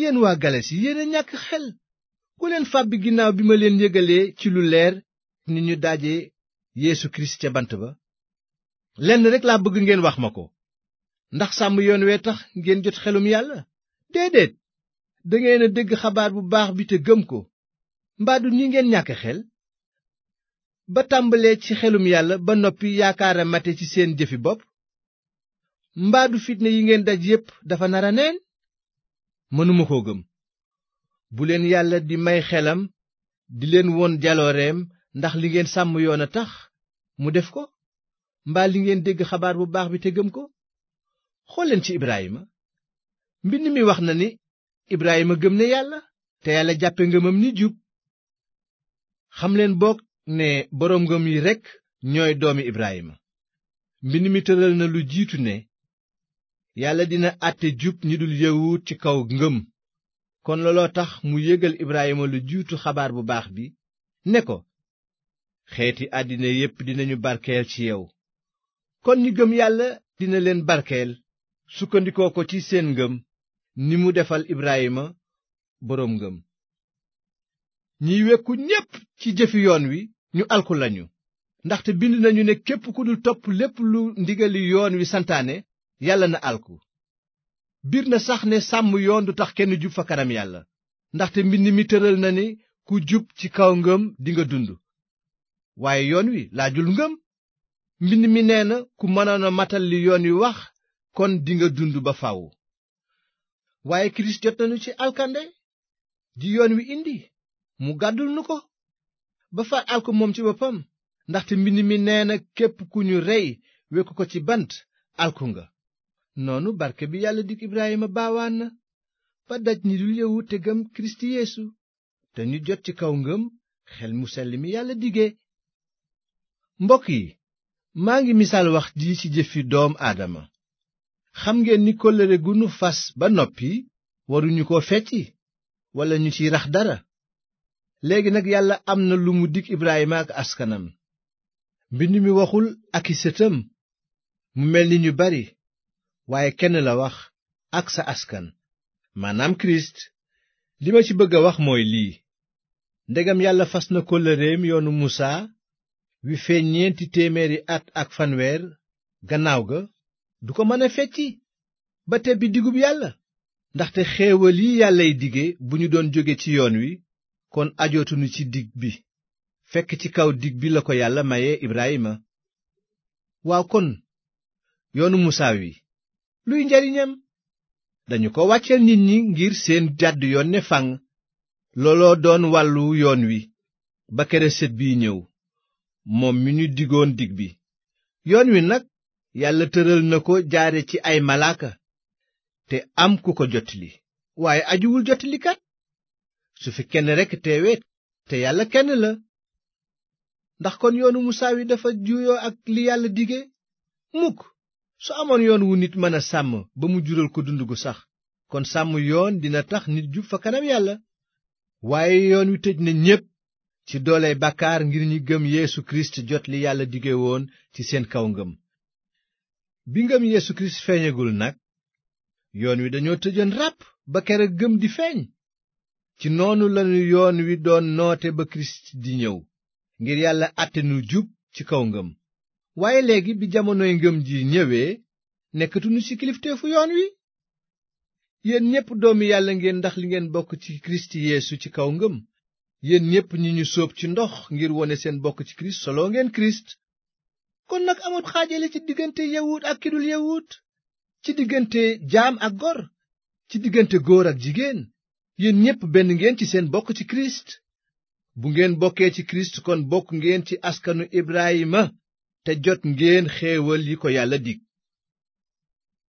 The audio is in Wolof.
yéen waa galasi yéen a ñàkk xel ku leen fàbbi ginnaaw bi ma leen yëgalee ci lu leer ni ñu daje yéesu Kirist ca bant ba lenn rek laa bëgg ngeen wax ma ko ndax sàmm yoon wee tax ngeen jot xelum yàlla déedéet dangeen a dégg xabaar bu baax bi te gëm ko mbaa du ñi ngeen ñàkk xel ba tàmbalee ci xelum yàlla ba noppi yaakaara mate ci seen jëfi bopp mbaa du fitne yi ngeen daj yépp dafa nar a neen mënuma koo gëm bu leen yàlla di may xelam di leen won jalooreem ndax li ngeen sàmm yoon a tax mu def ko mbaa li ngeen dégg xabaar bu baax bi te gëm ko xoolleen ci Ibrahima mbind mi wax na ni Ibrahima gëm ne yàlla te yàlla jàppe ngëmam ni jub xamleen boog ne boroom ngëm yi rekk ñooy doomi Ibrahima mbind mi tëral na lu jiitu ne yàlla dina àtte jub ñi dul yawut ci kaw ngëm kon looloo tax mu yégal Ibrahima lu jiitu xabaar bu baax bi ne ko xeeti àddina yépp dinañu barkeel ci yow kon ñi gëm yàlla dina leen barkeel sukkandikoo ko ci seen ngëm ni mu defal Ibrahima boroom ngëm ñiy wekku ñépp ci jëfi yoon wi ñu alku lañu ndaxte bind nañu ne képp ku dul topp lépp lu ndigali yoon wi santaane yàlla na alku bir na sax ne sàmm yoon du tax kenn jub fa kanam yàlla ndaxte mbind mi tëral na ni ku jub ci kaw ngëm dinga dund waaye yoon wi laajul ngëm mbind mi neena ku mënoon a matal li yoon wi wax kon dinga dund ba faw waaye kirist jot nañu ci alkande ji yoon wi indi mu gàddul nu ko ba far alku moom ci boppam ndaxte mbind mi nee na képp ku ñu rey wekku ko ci bant alku nga noonu barke bi yàlla dig Ibrahima baawaan na ba daj ñi dul yëwut te gëm Kirist Yeesu te jot ci kaw ngëm xel mu selli mi yàlla digee mbokk yi maa ngi misaal wax ji ci jëfi doom aadama xam ngeen ni kóllëre gu nu fas ba noppi waruñu ko fecci walla ñu ci rax dara léegi nag yàlla am na lu mu dig Ibrahima ak askanam mbind mi waxul ak i sëtam mu mel ni ñu bari waaye kenn la wax ak sa askan maanaam kirist li ma ci bëgg wax mooy lii ndegam yàlla fas na kóllëreem yoonu muusaa wi feeñ ñeenti téeméeri at ak fanweer gannaaw ga du ko mën a fecci ba te bi digub yàlla ndaxte xéewal yi yàllay dige bu ñu doon jóge ci yoon wi kon ajootunu ci digg bi fekk ci kaw digg bi la ko yàlla maye Ibrahima waaw kon yoonu muusaa wi luy njariñam dañu ko wàcceel nit ñi ngir seen jàdd yoon ne fànn looloo doon wàllu yoon wi ba kereset bi ñëw moom mi ñu digoon digg bi yoon wi nag yàlla tëral na ko jaare ci ay malaaka te am ku ko jotli waaye ajuwul jotlikat su fi kenn rekk teewee te yàlla kenn la ndax kon yoonu musaa wi dafa juyoo ak li yàlla dige mukk su amoon yoon wu nit mën a sàmm ba mu jural ko dund gu sax kon sàmm yoon dina tax nit jub fa kanam yàlla waaye yoon wi tëj na ñépp ci doole bàkkaar ngir ñi gëm Yeesu Kirist jot li yàlla dige woon ci seen kaw ngëm bi ngëm Yeesu Kirist feeñagul nag yoon wi dañoo tëjoon ràpp ba kere gëm di feeñ ci noonu lanu yoon wi doon noote ba Kirist di ñëw ngir yàlla àtte nu jub ci kaw ngëm waaye léegi bi jamonoy ngëm ji ñëwee nekkatuñu ci kilifteefu yoon wi yéen ñépp doomi yàlla ngeen ndax li ngeen bokk ci kirist yéesu ci kaw ngëm yéen ñépp ñi ñu sóob ci ndox ngir wone seen bokk ci kirist solo ngeen kirist kon nag amut xaajale ci diggante yawut ak kidul yawut ci diggante jaam ak gor ci diggante góor ak jigéen yéen ñépp benn ngeen ci seen bokk ci kirist bu ngeen bokkee ci kirist kon bokk ngeen ci askanu ibrahima te jot ngeen xéewal yi ko Yàlla dig